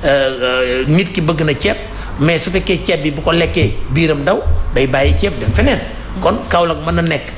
Euh, euh, nit ki bëgg na ceeb mais su fekkee ceeb bi bu ko lekkee biiram daw day bàyyi ceeb dem feneen kon Kaolack mën na nekk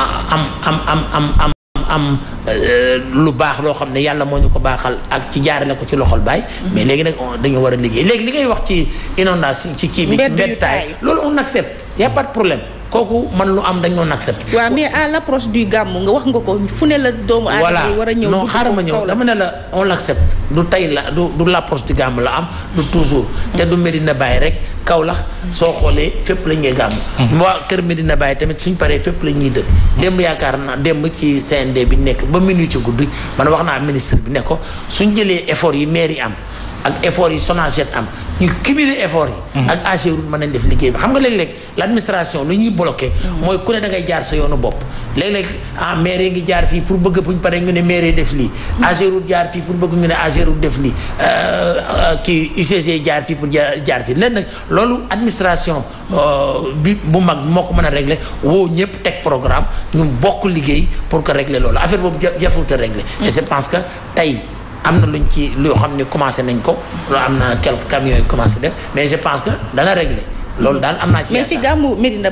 am am am am am am euh, lu baax loo xam ne yàlla moo ñu ko baaxal ak ci jaarale ko ci loxol baay. mais léegi nag dañu war liggéey léegi li ngay wax ci inondation ci kii bi. mbedd yu taay loolu on accepte y a pas problème. kooku man lu am dañu doon accepté. waaw mais à l'approche du gàmmu nga wax nga ko fu ne la doomu aadama yi war a ñëw noo xaaral ma ñëw dama ne la on l'accepte du tey la du du l'approche du gàmm la am du toujours. te du Medina bàyyi rek Kaolack soo xoolee fépp la ñuy gàmmu. Mhm. waa kër Medina bàyyi tamit suñ paree fépp la ñuy dëkk. Mhm. démb yaakaar naa démb ci CND bi nekk ba minuit ci guddi man wax naa ministre bi ne ko suñ jëlee effort yi maire yi am. ak effort yi SONAGED am ñu cumuler effort yi mhm. ak AGEROUTE mën nañ def liggéey bi xam nga léeg-léeg l' administration lu ñuy bloqué mhm. mooy ku ne da ngay jaar sa yoonu bopp léeg-léeg ah maire ngi jaar fii pour bëgg buñ paree ñu ne maire def lii mhm. AGEROUTE jaar fii pour bëgg ñu ne AGEROUTE def lii euh, euh, kii UCG jaar fii pour jaar fii leen nag loolu administration euh, bi bu mag moo ko mën a régler woo ñëpp teg programme ñu bokk liggéey pour que régler loolu affaire boobu jafewut a régler et je pense que tey am na lu ñu ci loo xam ni commencé nañ ko loolu am na quelques camions yu commencé def mais je pense que dana réglé loolu daal am naa ci mais ci gàmmu Medina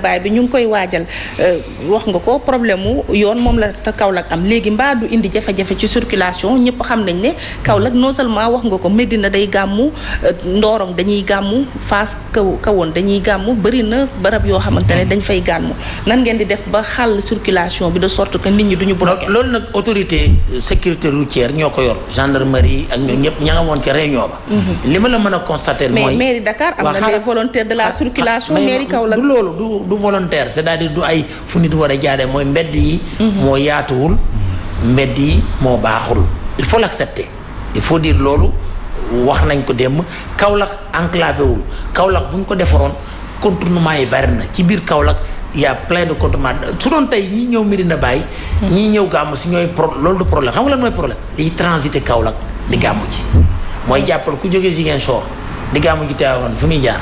euh, wax nga ko problème mu yoon moom la te Kaolack am léegi mbaa du indi jafe ci circulation ñëpp xam nañ ne Kaolack non seulement wax nga ko Medina day gàmmu euh, Ndorong dañuy gàmmu Fass kaw kawoon dañuy gàmmu bëri na barab yoo xamante ne dañ fay gàmmu nan ngeen di def ba xàll circulation bi de sorte que nit ñi duñu bloqué loolu nag autorité euh, sécurité routière ñoo ko yor gendarmerie ak ñoom ñëpp ña nga woon ba mhm. li ma la mën a constater mais mairie Dakar am na des volontaires de la circulation mairie Kaolack du loolu du du volontaire c'est-à-dire du ay fu nit war a jaaree mooy mbedd yi mhm. moo yaatuwul mbedd yi moo baaxul il faut l'accepter il faut diir loolu wax nañ ko démb kawlax enclavé wul Kaolack bu ñu ko defaroon contournement yi bari na ci biir Kaolack y a plein de contournement su doon tey ñii ñëw Medina bàyyi mhm. ñi ñëw gàmmu si ñooy pro loolu du problème xam lan mooy problème dañuy transiter Kaolack di gàmmu ji mooy mhm. jàppal ku jógee Ziguinchor di gàmmu ji teewoon fu muy jaar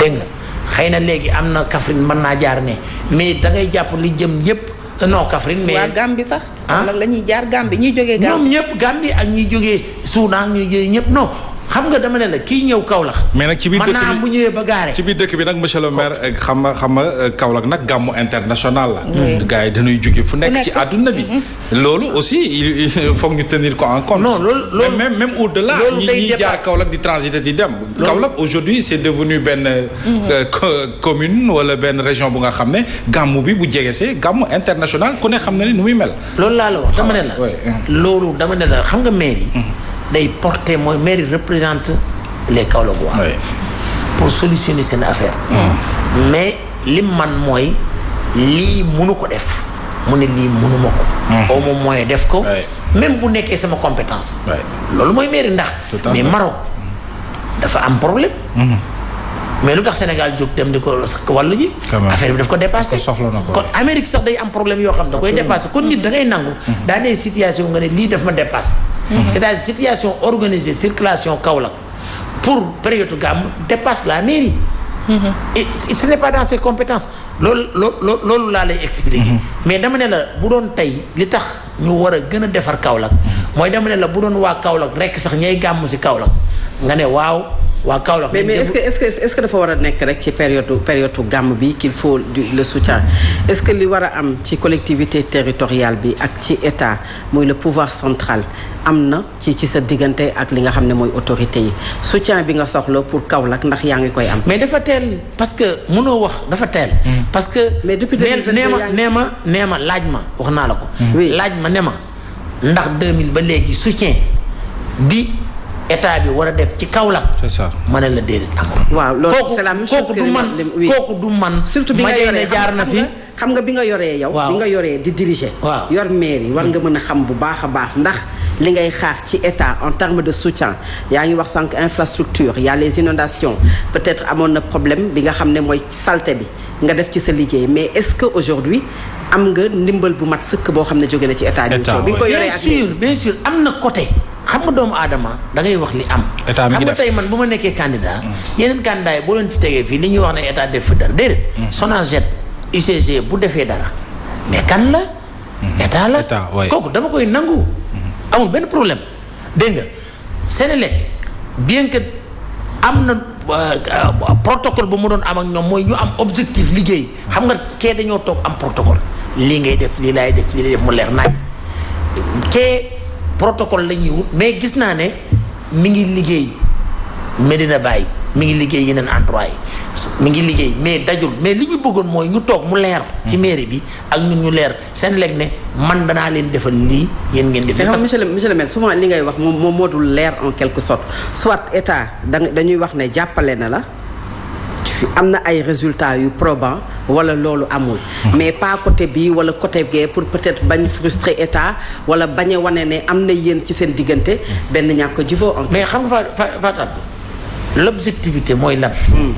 dégg nga xëy na léegi am na Kaffrine mën naa jaar ne mais dangay jàpp li jëm yépp non Kaffrine mais waa Gambie sax. ah la ñuy jaar bi ñuy jógee. Gambie ñoom ñëpp Gambie ak ñuy jógee Soudan ñuy jógee ñëpp non xam nga dama ne la kii ñëw Kaolack. mais nag ci biir dëkk bi maanaam bu ñëwee ba gaare. ci biir dëkk bi nag monsieur le maire eh, xam nga xam nga eh, Kaolack nag gàmmu international la. Mm. yi dañuy jóge fu nekk ci àdduna bi. Mm-hmm. loolu aussi il ñu tenir ko en compte. non loolu loolu même même au delà. ñi ñi jaar Kaolack di transiter di dem. Kaolack aujourd'hui c'est devenu benn. Euh, mm-hmm. euh, commune wala benn région bu nga xam ne gàmmu bi bu jege see gàmmu international ku ne xam na ne nu muy mel. loolu laa la wax dama ne la. Ah, loolu dama ne la xam nga maire yi. Mm-hmm. day porter mooy mairie représente les Kaolackois. Oui. pour solutionner seen affaire. Mm. mais li man mooy lii mënu ko def mu ne lii mënuma ko. Hmm. au moins def ko. même bu nekkee sama compétence. loolu mooy mairie ndax. mais Maroc dafa am problème. Hmm. mais lu tax Sénégal jóg dem di ko wàllu ji. affaire bi daf ko dépassé. kon Amérique sax day am problème yoo xam da koy dépassé kon nit da ngay nangu. Mhm. daa ne situation nga ne lii daf ma dépassé. Mhm. c'est-à-dire situation organisée circulation Kaolack pour période gàmm dépasse la mairie. Mhm. et ce n'est pas dans ses compétences loolu loo loolu laa lay expliquer. mais dama ne la bu doon tey li tax ñu war a gën a defar Kaolack. mooy dama ne la bu doon waa Kaolack rekk sax ñay gàmmu ci Kaolack waa Kaolack. mais mais est-ce que est-ce que dafa war a nekk rek ci période période gàmm bi qu'il faut le soutien est-ce que li war a am ci collectivité territoriale bi ak ci état mooy le pouvoir central am na ci ci sa diggante ak li nga xam ne mooy autorité yi soutien bi nga soxla pour Kaolack ndax yaa ngi koy am. mais dafa teel parce que mënoo wax dafa teel. Hmm. parce que. mais depuis nee ma nee ma nee ma laaj ma wax naa la ko. laaj ma ne ma ndax 2000 ba léegi soutien bi. état bi war a def ci Kaolack. c'est ma ne la déedéet waaw loolu c'est la même chose que man kooku du man. surtout bi nga yoree jaar na fi. xam nga bi nga yoree yow. bi nga yoree di diriger. waaw yor mairie war nga mm. mën a xam bu baax a baax ndax. li ngay xaar ci état en terme de soutien yaa ngi wax sànq infrastructure y a les inondations peut-être amoon na problème bi nga xam ne mooy salte bi nga def ci sa liggéey mais est-ce que aujourd'hui am nga ndimbal bu mat sëkk boo xam ne jóge na ci état. état bi nga ko yoree ak bien am na côté. xam nga doomu aadama dangay wax li am. état xam nga tey man bu ma nekkee candidat. Mm. yeneen candidat yi boo leen fi tegee fii li ñuy wax ne état def fi dara déedéet. Mm. SONAGED UCG bu defee dara mais kan la. Mm. état la kooku dama koy nangu. amul benn problème dégg nga Sénélec bien que am na euh, protocole bu mu doon am ak ñoom mooy ñu am objectif liggéey xam nga kee dañoo toog am protocole lii ngay def lii laay def lii def mu leer naaj kee. protocole la ñuy wut mais gis naa ne mi ngi liggéey Medina bàyyi mu ngi liggéey yeneen endroit yi mu ngi liggéey mais dajul mais li ñu bëggoon mooy ñu toog mu leer. ci hmm. mairie bi ak ñun ñu leer seen lekk ne man danaa leen defal lii yéen ngeen def. parce que monsieur le monsieur souvent li ngay wax moom moo dul leer en quelque sorte soit état dañuy wax ne jàppale na la. am na ay résultats yu probants wala loolu amul. mais pas côté bi wala côté gee pour peut-être bañ frustré état wala bañ a wane ne am na yéen ci seen diggante benn ñàkk juboo en mais xam nga Fatou l'objectivité mooy lan. Hmm.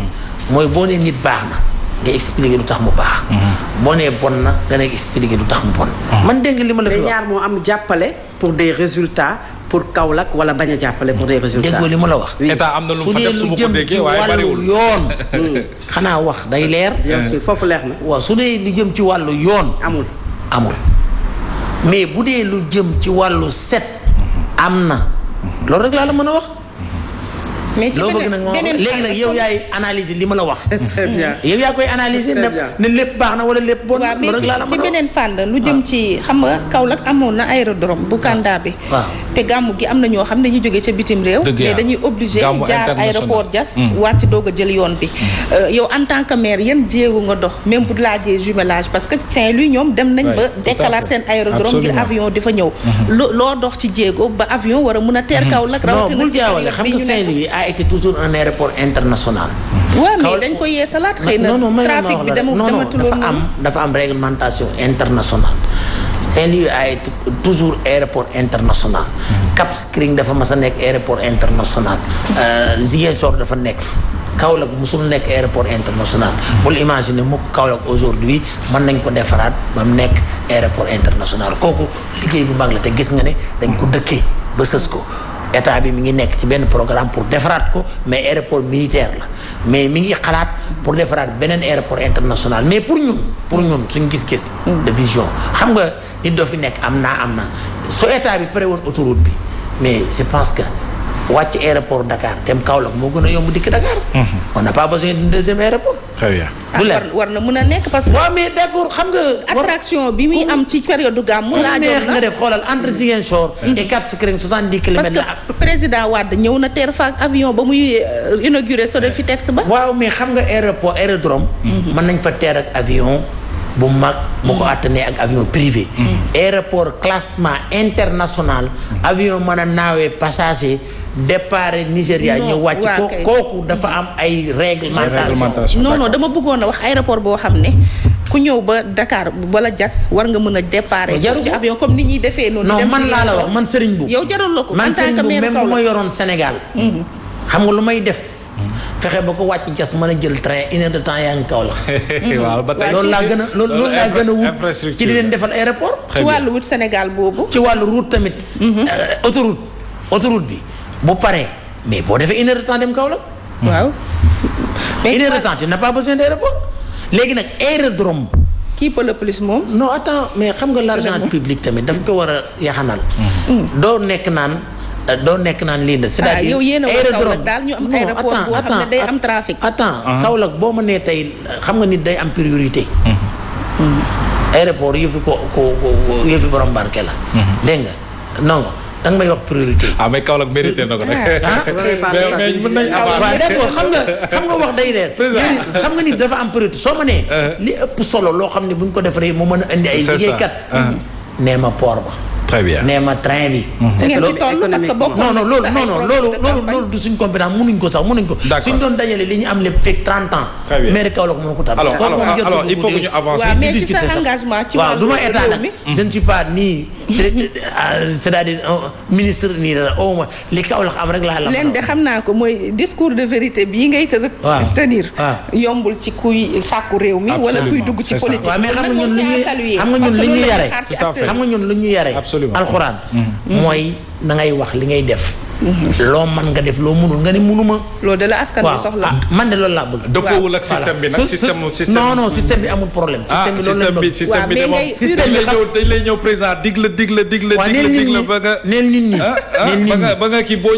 mooy boo nee nit baax na nga expliquer lu tax mu baax. Hmm. boo nee bon na nga ne expliquer lu tax mu bon. Hmm. man dégg li ma ñaar moo am jàppale pour des résultat pour Kaolack wala bañ a jàppale pour des résultats. déggoo li mu la wax. am na lu mu fa def su ma ko déggee waaye bariwul dee lu jëm ci wàllu yoon. Hmm. xanaa wax day leer. foofu leer na. waaw su dee lu jëm ci wàllu yoon. amul amul. mais bu dee lu jëm ci wàllu set. am na. loolu rek laa la mën a wax. mais ci beneen beneen léegi nag yow yaay analyser li ma la wax. très bien yow yaa koy analyser ne lépp baax na wala lépp bon. loolu rek laa la mën a wax lu jëm ah. ci xam nga Kaolack amoon na aérodrome bu ah. Kanda bi. Ah. te gàmmu gi am na ñoo xam ne ñu jógee ca bitim réew mais dañuy obligé jaar aéroport Diass mm. wàcc doog a jël yoon bi mm. euh, yow en tant que maire yan jéego nga dox même bu laajee jumelage parce que Saint-Louis ñoom dem nañ ba dekkalaat seen aérodrome ngir avion di fa ñëw mm-hmm. loo dox ci jéego ba avion war a mun a teer mm-hmm. kaw lak rawatina non bul jaawale xam nga saint a été toujours un aéroport international waaw mais dañ ko yeesalaat xëy na trafic bi dama dafa am dafa am réglementation international Saint-Louis ay été toujours aéroport international. Hmm. Cap Skirring dafa mas a nekk aéroport international. Euh, Ziguinchor dafa nekk. Kaolack musul nekk aéroport international. bul imaginer mukk Kaolack aujourd'hui mën nañ ko defaraat ba mu nekk aéroport international kooku liggéey bu mag la te gis nga ne dañ ko dëkkee ba sës ko. état bi mi ngi nekk ci benn programme pour defaraat ko mais aéroport militaire la mais mi ngi xalaat pour defaraat beneen aéroport international mais pour ñun pour ñun suñ gis-gis de vision xam nga nit doo fi nekk am naa am na su état bi pare woon autoroute bi mais je pense que wàcc aéroport Dakar dem Kaolack moo gën a yomb dikk Dakar mhm. on n'a pas besoin d'un deuxième aéroport très bien bu leer war na mën a nekk parce que. waaw mais d' accord xam nga. attraction bi muy am ci période du gàmmu. laa neex nga def xoolal entre Ziguinchor. Mm. et Cap Skirring 70 kilomètres la parce que président Wade ñëw na teer fa ak avion ba muy euh, inauguré Sodefitex ba. waaw mais xam nga aéroport aérodrome. Mm-hmm. mën nañ fa teer ak avion. bu mag mu ko attanee ak avion privé mm-hmm. aéroport classement international mm-hmm. avion mën a naawee passager départ Nigéria ñëw wàcc ko kooku dafa am ay réglementation non non dama bëggoon a wax aéroport boo xam ne ku ñëw ba Dakar bala Diass war nga mën a départ ci avion comme ni ñuy defee noonu non man laa la wax man Serigne bu yow jaral la ko man Serigne bu même bu ma yoroon Sénégal mm-hmm. xam nga lu may def fexe ba ko wàcc jas mën a jël train une heure de temps yaa ngi kaw la. waaw laa gën a loolu laa gën a wut ci leen defal aéroport. ci wàllu wut Sénégal boobu. ci wàllu route tamit. Mhm. Euh, autoroute autoroute bi bu paree mais boo defee une heure de temps dem kaw la. waaw. Mhm. une heure de temps tu n'as pas besoin d'aéroport léegi nag aérodrome. kii peut le plus moom. non attends mais xam nga l'argent public tamit daf ko war a yaxanal. Mhm. doo nekk naan. doo nekk naan lii la. c'est-à-dire ah, aérodrome daal ñu am aéroport boo xam ne ah. boo ma nee tey xam nga nit day am priorité. Mm-hmm. Mm-hmm. aéroport yëfu ko borom barke la. Mm-hmm. dégg nga non da nga may wax priorité. Ah, xam nga xam nga wax day leer. xam nga nit dafa am priorité soo ma uh-huh. li ëpp solo loo xam ne buñ ko defaree mu mën a indi ay liggéeykat. Uh-huh. nee ma port ba. nee ma train bi. Mhm. non non loolu non non loolu loolu loolu du suñ compétence mënuñ ko sax mënuñ ko. suñ doon dajale li ñu am lépp fekk 30 mais ci sa engagement euh, euh, ministre nii dara au moins li Kaolack la. xam nga ñun li ñuy xam xam nga ñun li ñuy yare. absolument alxuraan. Mm-hmm. mooy na ngay wax li ngay def. Mm-hmm. loo man nga def loo mënul nga ni mënuma. loolu de la askan bi soxla ah, man de loolu laa bëgg. dëppoowul ak système bi nag système système non non système bi amul problème. Ah, système bi loolu lañ système bi système bi système bi xam dañ lay ñëw président dig la dig la dig la dig la dig la ba nga. neel nit ñi ah, neel nit ñi